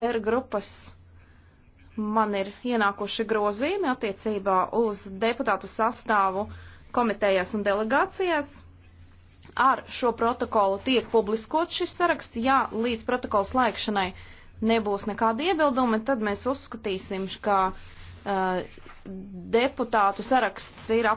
R grupas man ir ienākuši grozījumi attiecībā uz deputātu sastāvu komitējās un delegācijās. Ar šo protokolu tiek publiskot šis saraksts. Ja līdz protokola slēgšanai nebūs nekāda iebildumi, tad mēs uzskatīsim, ka uh, deputātu saraksts ir apstiprināts.